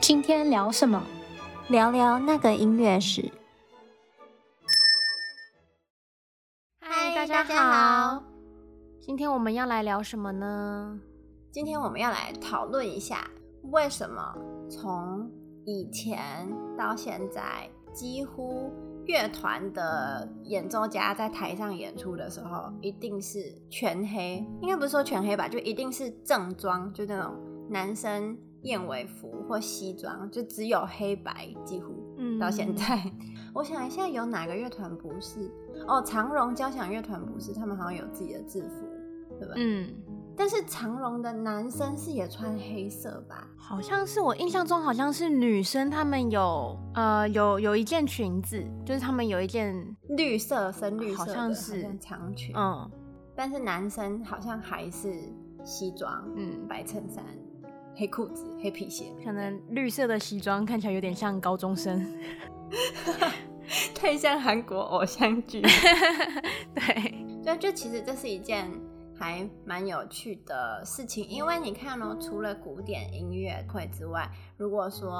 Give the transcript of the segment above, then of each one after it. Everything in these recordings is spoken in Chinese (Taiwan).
今天聊什麼？聊聊那個音樂史。嗨，大家好！今天我們要來聊什麼呢？今天我們要來討論一下為什麼從以前到現在，幾乎樂團的演奏家在台上演出的時候，一定是全黑，應該不是說全黑吧，就一定是正裝，就那種男生燕尾服或西裝，就只有黑白，幾乎。嗯，到現在，我想一下，有哪個樂團不是？哦，長榮交響樂團不是，他們好像有自己的制服，對吧？嗯。但是長榮的男生是也穿黑色吧？好像是，我印象中好像是女生他們有呃有有一件裙子，就是他們有一件綠色深綠色的好像是，好像長裙。嗯，但是男生好像還是西裝，嗯，白襯衫，黑褲子，黑皮鞋。可能綠色的西裝看起來有點像高中生， 太像韓國偶像劇。 對，所以就其實這是一件。還蠻有趣的事情，因為你看哦，除了古典音樂會之外，如果說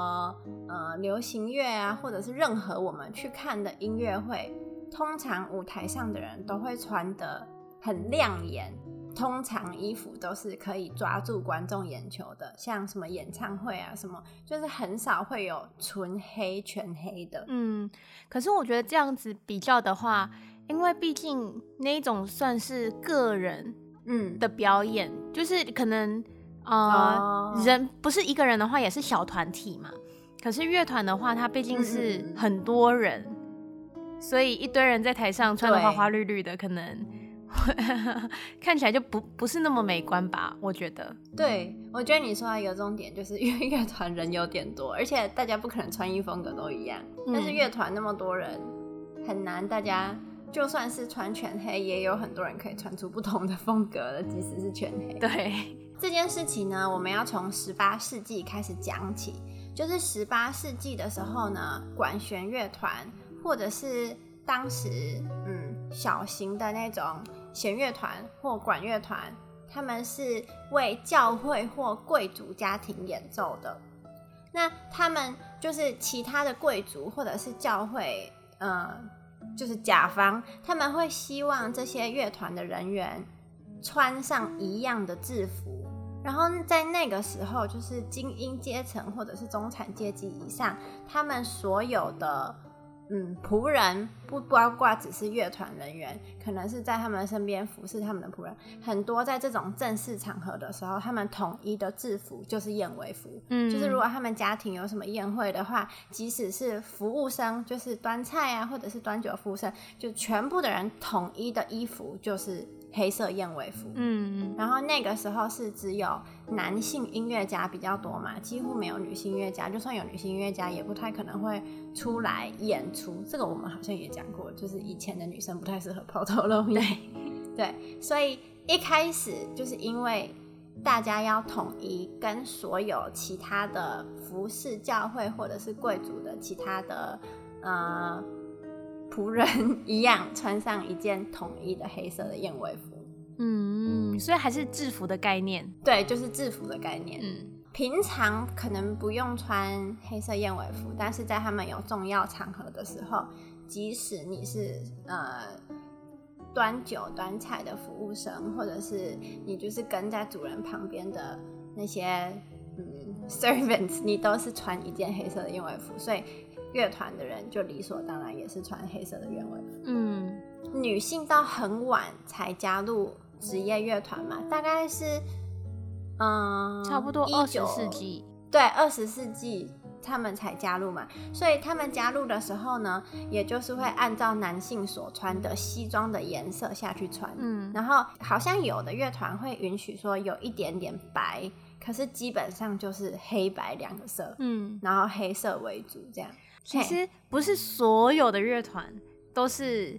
呃流行樂啊，或者是任何我們去看的音樂會，通常舞台上的人都會穿得很亮眼，通常衣服都是可以抓住觀眾眼球的，像什麼演唱會啊什麼，就是很少會有純黑全黑的。嗯，可是我覺得這樣子比較的話，因為畢竟那一種算是個人。嗯，的表演，就是可能，呃，oh. 人不是一個人的話，也是小團體嘛。可是樂團的話，它畢竟是很多人，mm -hmm. 所以一堆人在台上穿的花花綠綠的，可能會 看起來就不不是那麼美觀吧？我覺得。對，我覺得你說的一個重點就是，因為樂團人有點多，而且大家不可能穿衣風格都一樣，嗯，但是樂團那麼多人，很難大家。就算是穿全黑，也有很多人可以穿出不同的風格的，即使是全黑。對 這件事情呢，我們要從十八世紀開始講起。就是十八世紀的時候呢，管弦樂團或者是當時嗯小型的那種弦樂團或管樂團，他們是為教會或貴族家庭演奏的。那他們就是其他的貴族或者是教會，嗯、呃。就是甲方，他們會希望這些樂團的人員穿上一樣的制服，然後在那個時候，就是精英階層或者是中產階級以上，他們所有的。嗯，僕人不包括只是樂團人員，可能是在他們身邊服侍他們的僕人很多。在這種正式場合的時候，他們統一的制服就是燕尾服。嗯，就是如果他們家庭有什麼宴會的話，即使是服務生，就是端菜啊或者是端酒服務生，就全部的人統一的衣服就是。黑色燕尾服，嗯，然後那個時候是只有男性音樂家比較多嘛，幾乎沒有女性音樂家，就算有女性音樂家，也不太可能會出來演出。這個我們好像也講過，就是以前的女生不太適合拋頭露面，對， 對。所以一開始就是因為大家要統一，跟所有其他的服飾、教會或者是貴族的其他的，呃。僕 人一樣，穿上一件統一的黑色的燕尾服。嗯，嗯，所以還是制服的概念，對，就是制服的概念。嗯，平常可能不用穿黑色燕尾服，但是在他們有重要場合的時候，即使你是呃端酒端菜的服務生，或者是你就是跟在主人旁邊的那些、嗯、servants，你都是穿一件黑色的燕尾服，所以。樂團的人就理所當然也是穿黑色的原文。嗯，女性到很晚才加入職業樂團嘛，大概是嗯，差不多二十世紀。19, 對，二十世紀他們才加入嘛，所以他們加入的時候呢，也就是會按照男性所穿的西裝的顏色下去穿。嗯，然後好像有的樂團會允許說有一點點白，可是基本上就是黑白兩個色。嗯，然後黑色為主這樣。Hey. 其實不是所有的樂團都是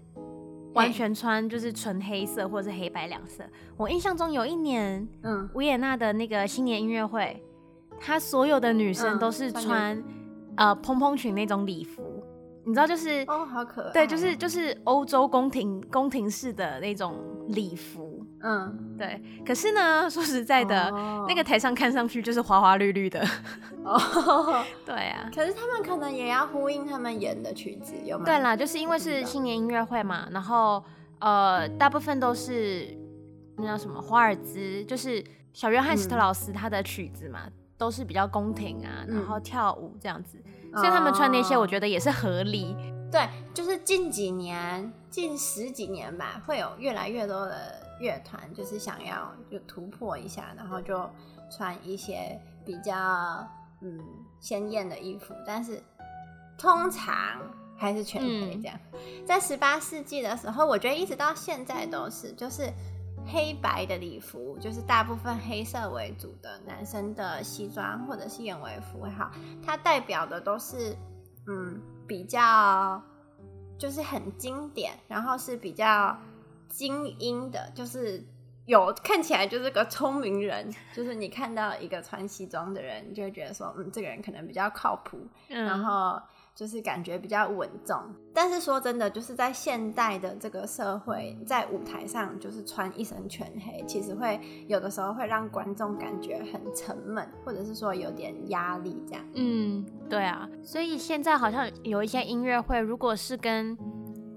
完全穿就是純黑色或者是黑白兩色。我印象中有一年，嗯，維也納的那個新年音樂會，他所有的女生都是穿、嗯、呃蓬蓬裙那種禮服、嗯，你知道就是哦、oh, 好可愛，對，就是就是歐洲宮廷宮廷式的那種禮服。嗯，對。可是呢，說實在的，哦、那個台上看上去就是花花綠綠的。哦， 對啊。可是他們可能也要呼應他們演的曲子，有嗎？對啦，就是因為是新年音樂會嘛，嗯、然後呃，大部分都是那叫什麼華爾茲，就是小約翰史特勞斯他的曲子嘛，嗯、都是比較宮廷啊、嗯，然後跳舞這樣子、嗯，所以他們穿那些我覺得也是合理、哦。對，就是近幾年，近十幾年吧，會有越來越多的。樂團就是想要就突破一下，然後就穿一些比較嗯鮮豔的衣服，但是通常還是全黑這樣。嗯、在十八世紀的時候，我覺得一直到現在都是，就是黑白的禮服，就是大部分黑色為主的男生的西裝或者是燕尾服也好，它代表的都是嗯比較就是很經典，然後是比較。精英的，就是有看起來就是個聰明人，就是你看到一個穿西裝的人，就會覺得說，嗯，這個人可能比較靠譜，嗯，然後就是感覺比較穩重。但是說真的，就是在現代的這個社會，在舞台上就是穿一身全黑，其實會有的時候會讓觀眾感覺很沉悶，或者是說有點壓力這樣。嗯，對啊。所以現在好像有一些音樂會，如果是跟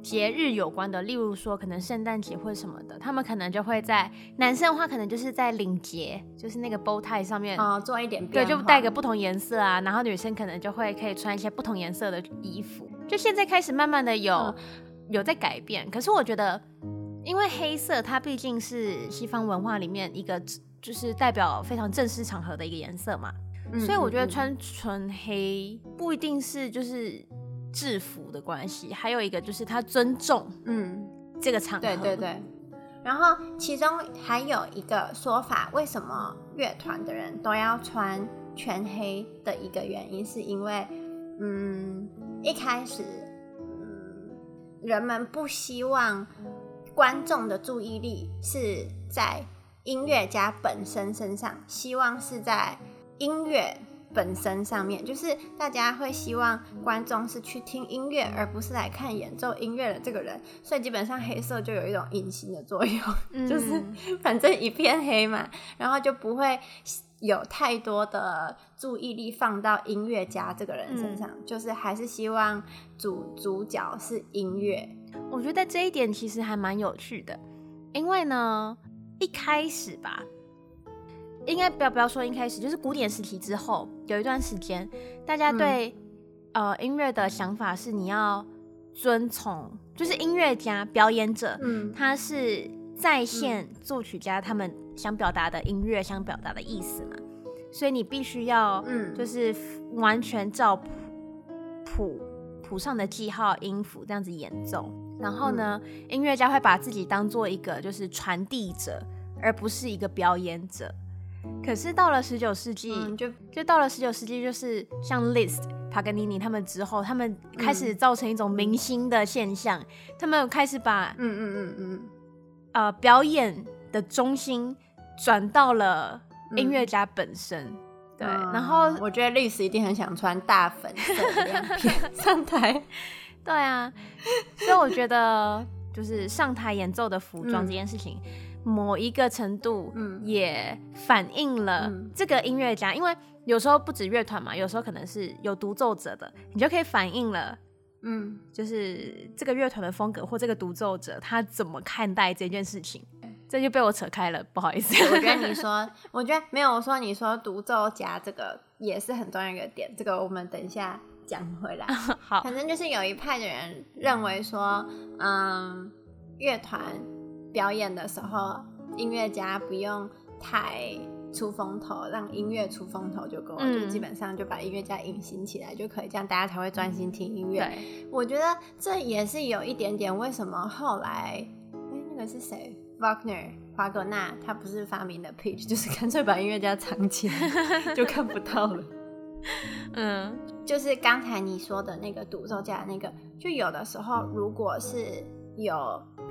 節日有關的，例如說可能聖誕節或者什麼的，他們可能就會在男生的話，可能就是在領結，就是那個 bow tie 上面啊、哦、做一點變化。對，就帶個不同顏色啊。然後女生可能就會可以穿一些不同顏色的衣服。就現在開始慢慢的有、嗯、有在改變，可是我覺得，因為黑色它畢竟是西方文化裡面一個就是代表非常正式場合的一個顏色嘛，嗯、所以我覺得穿純黑不一定是就是。制服的關係，還有一個就是他尊重，嗯，這個場合。對對對。然後其中還有一個說法，為什麼樂團的人都要穿全黑的一個原因，是因為，嗯，一開始，嗯，人們不希望觀眾的注意力是在音樂家本身身上，希望是在音樂。本身上面，就是大家會希望觀眾是去聽音樂，而不是來看演奏音樂的這個人，所以基本上黑色就有一種隱形的作用，嗯，就是反正一片黑嘛，然後就不會有太多的注意力放到音樂家這個人身上，嗯，就是還是希望主主角是音樂。我覺得這一點其實還蠻有趣的，因為呢，一開始吧。應該不要不要說一開始，就是古典時期之後有一段時間，大家對、嗯、呃音樂的想法是你要遵從，就是音樂家表演者，嗯，他是再現作曲家、嗯、他們想表達的音樂想表達的意思嘛，所以你必須要嗯，就是完全照譜譜譜上的記號音符這樣子演奏，然後呢，嗯、音樂家會把自己當做一個就是傳遞者，而不是一個表演者。可是到了十九世紀，嗯，就就到了十九世紀，就是像 Liszt 帕格尼尼他們之後，他們開始造成一種明星的現象。嗯，他們開始把嗯嗯嗯嗯，呃，表演的中心轉到了音樂家本身。嗯、對、嗯，然後我覺得 Liszt 一定很想穿大粉色亮片 上台。 對啊，所以我覺得就是上台演奏的服裝這件事情。嗯某一個程度，嗯，也反映了，嗯、這個音樂家，因為有時候不止樂團嘛，有時候可能是有獨奏者的，你就可以反映了，嗯，就是這個樂團的風格或這個獨奏者他怎麼看待這件事情，嗯，這就被我扯開了，不好意思，我覺得你說， 我覺得沒有，我說你說獨奏家這個也是很重要的一個點，這個我們等一下講回來。啊，好，反正就是有一派的人認為說，嗯，樂團。表演的時候，音樂家不用太出風頭，讓音樂出風頭就夠了、嗯。就基本上就把音樂家隱形起來就可以，這樣大家才會專心聽音樂、嗯。我覺得這也是有一點點。為什麼後來，欸、那個是誰？Wagner，華格納他不是發明的 pitch，就是乾脆把音樂家藏起來 就看不到了。嗯，就是剛才你說的那個獨奏家那個，就有的時候如果是有。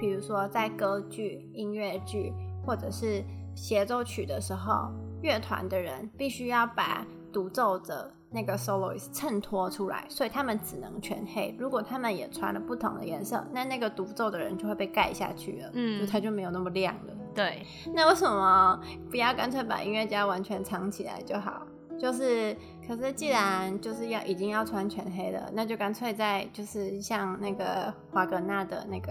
比如說，在歌劇、音樂劇或者是協奏曲的時候，樂團的人必須要把獨奏者那個 soloist 襯托出來，所以他們只能全黑。如果他們也穿了不同的顏色，那那個獨奏的人就會被蓋下去了，嗯，他就沒有那麼亮了。對，那為什麼不要乾脆把音樂家完全藏起來就好？就是，可是既然就是要已經要穿全黑了，那就乾脆在就是像那個華格納的那個。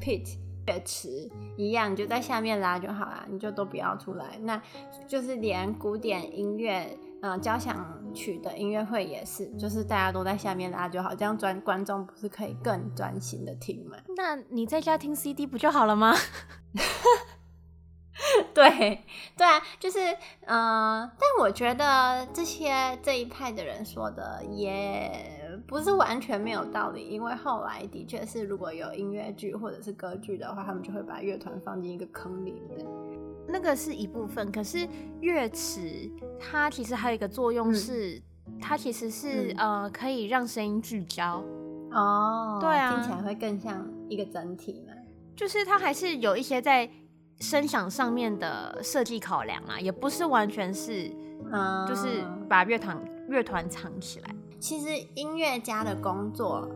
pit 樂池一樣，你就在下面拉就好啦，你就都不要出來。那就是連古典音樂，嗯、呃，交響曲的音樂會也是，就是大家都在下面拉就好，這樣專觀眾不是可以更專心的聽嗎？那你在家聽 CD 不就好了嗎？ 對，對啊，就是，嗯、呃，但我覺得這些這一派的人說的也不是完全沒有道理，因為後來的確是如果有音樂劇或者是歌劇的話，他們就會把樂團放進一個坑裡面，那個是一部分。可是樂池它其實還有一個作用是，嗯、它其實是、嗯、呃，可以讓聲音聚焦。哦，對啊，聽起來會更像一個整體嘛。就是它還是有一些在。聲響上面的設計考量啊，也不是完全是，嗯、oh.，就是把樂團樂團藏起來。其實音樂家的工作，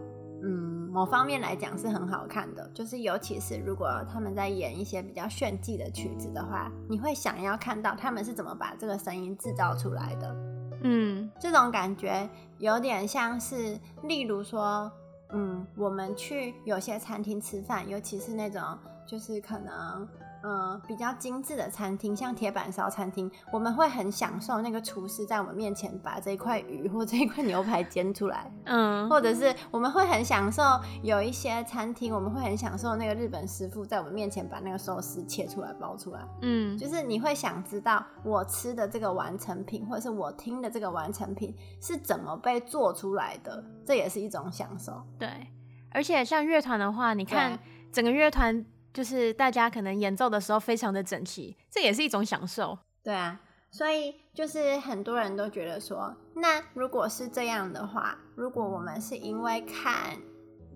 嗯，某方面來講是很好看的，就是尤其是如果他們在演一些比較炫技的曲子的話，你會想要看到他們是怎麼把這個聲音製造出來的。嗯、oh.，這種感覺有點像是，例如說，嗯，我們去有些餐廳吃飯，尤其是那種就是可能。嗯，比較精致的餐廳，像鐵板燒餐廳，我們會很享受那個廚師在我們面前把這一塊魚或這一塊牛排煎出來。 嗯，或者是我們會很享受有一些餐廳，我們會很享受那個日本師傅在我們面前把那個壽司切出來、包出來。嗯，就是你會想知道我吃的這個完成品，或者是我聽的這個完成品是怎麼被做出來的，這也是一種享受。對，而且像樂團的話，你看整個樂團。就是大家可能演奏的時候非常的整齊，這也是一種享受。對啊，所以就是很多人都覺得說，那如果是這樣的話，如果我們是因為看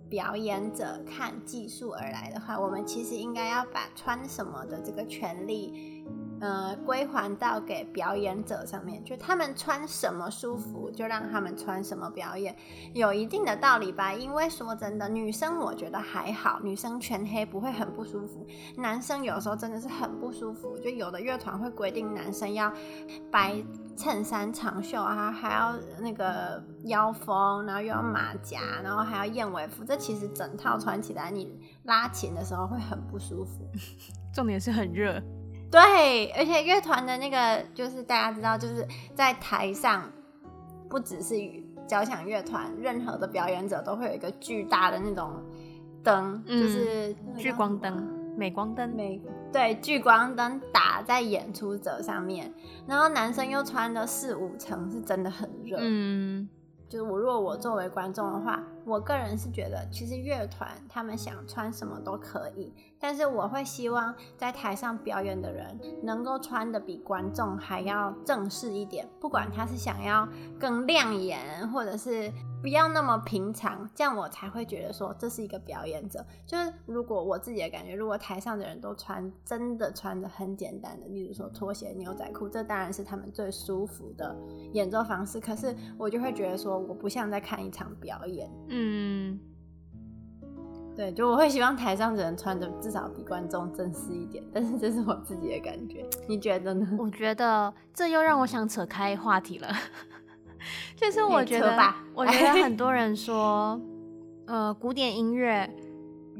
表演者、看技術而來的話，我們其實應該要把穿什麼的這個權利。呃，歸還到給表演者上面，就他們穿什麼舒服，就讓他們穿什麼表演，有一定的道理吧。因為說真的，女生我覺得還好，女生全黑不會很不舒服。男生有時候真的是很不舒服，就有的樂團會規定男生要白襯衫長袖啊，還要那個腰封，然後又要馬甲，然後還要燕尾服，這其實整套穿起來，你拉琴的時候會很不舒服。 重點是很熱。對，而且樂團的那個就是大家知道，就是在台上，不只是交響樂團，任何的表演者都會有一個巨大的那種燈，嗯、就是那個、聚光燈、鎂光燈、鎂、對、聚光燈打在演出者上面，然後男生又穿了四五層，是真的很熱，嗯，就是我如果我作為觀眾的話。我個人是覺得，其實樂團他們想穿什麼都可以，但是我會希望在台上表演的人能夠穿得比觀眾還要正式一點，不管他是想要更亮眼，或者是。不要那麼平常，這樣我才會覺得說，這是一個表演者。就是如果我自己的感覺，如果台上的人都穿真的穿着很簡單的，例如說拖鞋、牛仔褲，這當然是他們最舒服的演奏方式。可是我就會覺得說，我不像在看一場表演。嗯，對，就我會希望台上的人穿着至少比觀眾正式一點。但是這是我自己的感覺，你覺得呢？我覺得這又讓我想扯開話題了。就是我覺得，我覺得很多人說，呃，古典音樂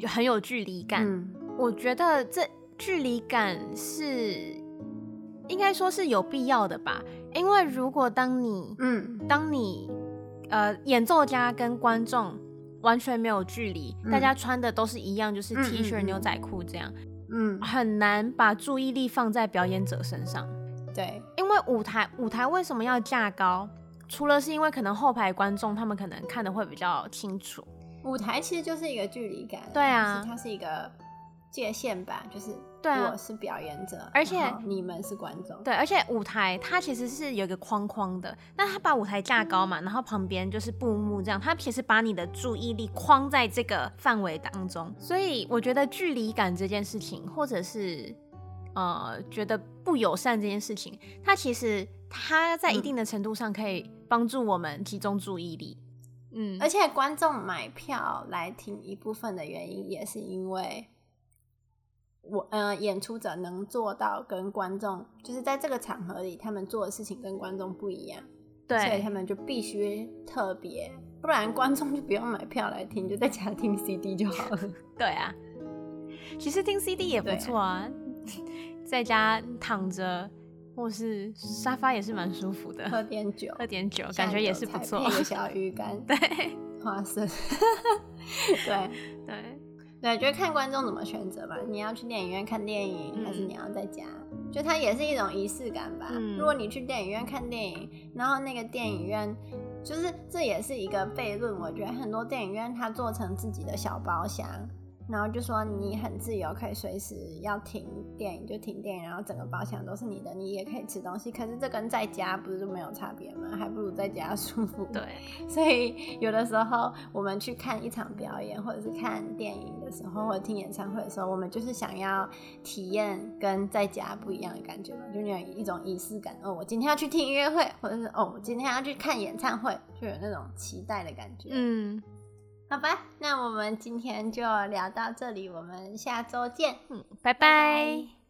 很有距離感。我覺得這距離感是應該說是有必要的吧，因為如果當你，嗯，當你，呃，演奏家跟觀眾完全沒有距離，大家穿的都是一樣，就是 T 恤、牛仔褲這樣，嗯，很難把注意力放在表演者身上。對，因為舞台舞台為什麼要架高？除了是因為可能後排觀眾他們可能看得會比較清楚，舞台其實就是一個距離感。對啊，就是、它是一個界限吧，就是對我是表演者，而且、啊、你們是觀眾，對，而且舞台它其實是有一個框框的，那他把舞台架高嘛，嗯、然後旁邊就是布幕這樣，他其實把你的注意力框在這個範圍當中，所以我覺得距離感這件事情，或者是呃覺得不友善這件事情，它其實它在一定的程度上可以。幫助我們集中注意力。嗯，而且觀眾買票來聽一部分的原因，也是因為我，呃，演出者能做到跟觀眾，就是在這個場合裡，他們做的事情跟觀眾不一樣，對，所以他們就必須特別，不然觀眾就不用買票來聽，就在家聽 CD 就好了。 對啊，其實聽 CD 也不錯啊，對啊，在家躺着。或是沙發也是蠻舒服的，喝點酒，喝點酒，感覺也是不錯。一個小魚乾，對，花生，對 對對，覺得看觀眾怎麼選擇吧。你要去電影院看電影，嗯，還是你要在家？就它也是一種儀式感吧，嗯。如果你去電影院看電影，然後那個電影院就是這也是一個悖論，我覺得很多電影院它做成自己的小包廂。然後就說你很自由，可以隨時要停電影就停電影，然後整個包廂都是你的，你也可以吃東西。可是這跟在家不是就沒有差別嗎？還不如在家舒服。對，所以有的時候我們去看一場表演，或者是看電影的時候，或者聽演唱會的時候，我們就是想要體驗跟在家不一樣的感覺嘛，就有一種儀式感哦。我今天要去聽音樂會，或者是哦，我今天要去看演唱會，就有那種期待的感覺。嗯。好吧，那我們今天就聊到這裡，我們下周見，嗯，拜拜。拜拜。